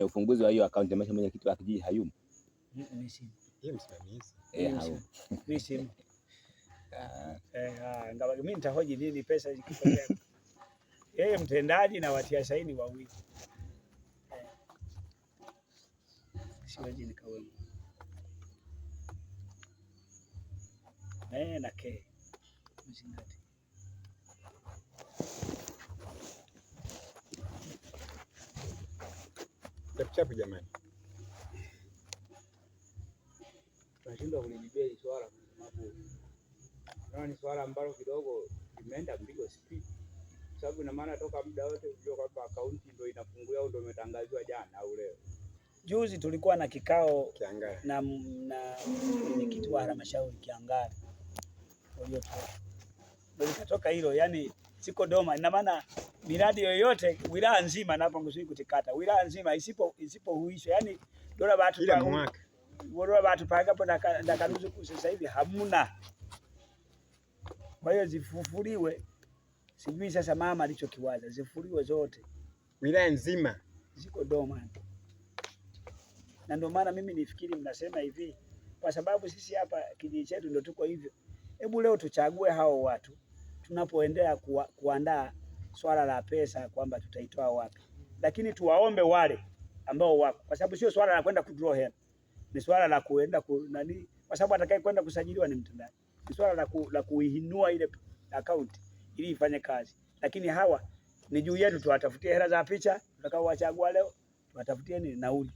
ufunguzi wa hiyo akaunti amesha mwenyekiti wa kijiji hayumo. Mimi nitahoji nini pesa yeye mtendaji na watia saini wawili eh, eh, na ke Chapuchapu jamani, tunashindwa kulijibia hili swala kwa sababu naona ni swala ambalo kidogo limeenda mpigo speed, kwa sababu ina maana toka muda wote unajua kwamba akaunti ndio inafunguliwa au ndio imetangazwa jana au leo. Juzi tulikuwa na kikao Kiangari, na mwenyekiti wa halmashauri Kiangari, kwa hiyo ikatoka hilo yani siko doma Ina maana miradi yoyote wilaya nzima napanguzii kutikata wilaya nzima isipo huisho yani dola watu dola watu hapo na karuzu sasa hivi hamuna. Kwa hiyo zifufuliwe, sijui sasa mama alichokiwaza, zifufuliwe zote wilaya nzima ziko Dodoma, na ndio maana mimi nifikiri mnasema hivi, kwa sababu sisi hapa kijiji chetu ndio tuko hivyo. Hebu leo tuchague hao watu tunapoendea kuandaa swala la pesa kwamba tutaitoa wapi, lakini tuwaombe wale ambao wako, kwa sababu sio swala la kwenda kudraw hela, ni swala la kuenda ku nani, kwa sababu atakaye kwenda kusajiliwa ni mtendaji. Ni swala la, ku, la kuinua ile account ili ifanye kazi, lakini hawa ni juu yetu. Tuwatafutie hela za picha tutakao wachagua leo, tuwatafutie ni nauli,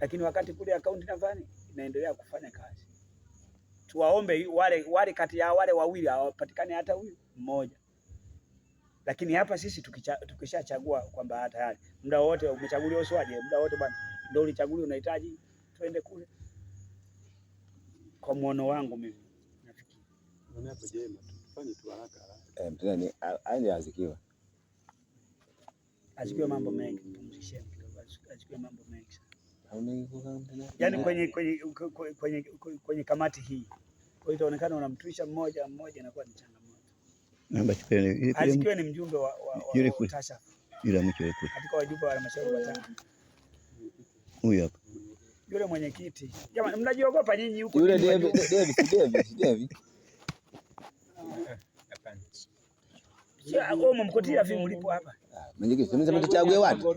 lakini wakati kule account nadhani inaendelea kufanya kazi tuwaombe wale wale, kati ya wale wawili hawapatikane hata huyu mmoja. Lakini hapa sisi tukishachagua kwamba tayari muda wote umechaguliwa, uswaje? Muda wote bwana, ndio ulichaguliwa, unahitaji twende kule. Kwa mwono wangu mimi nafikiri eh, azikiwa mambo mengi, pumzisheni kidogo, azikiwa mambo mengi sana yaani, yaani kwenye, kwenye, kwenye, kwenye, kamati hii. Kwa hiyo itaonekana unamtuisha mmoja mmoja, inakuwa ni changamoto. Alikiwa ni mjumbe wa TASAF katika wajumbe wa halmashauri watano, huyu hapa yule mwenyekiti. Jamani, mnajiogopa nyinyi huko Yule ah, mkutila vi ulipo hapa, ah, mwenyekiti mtachague watu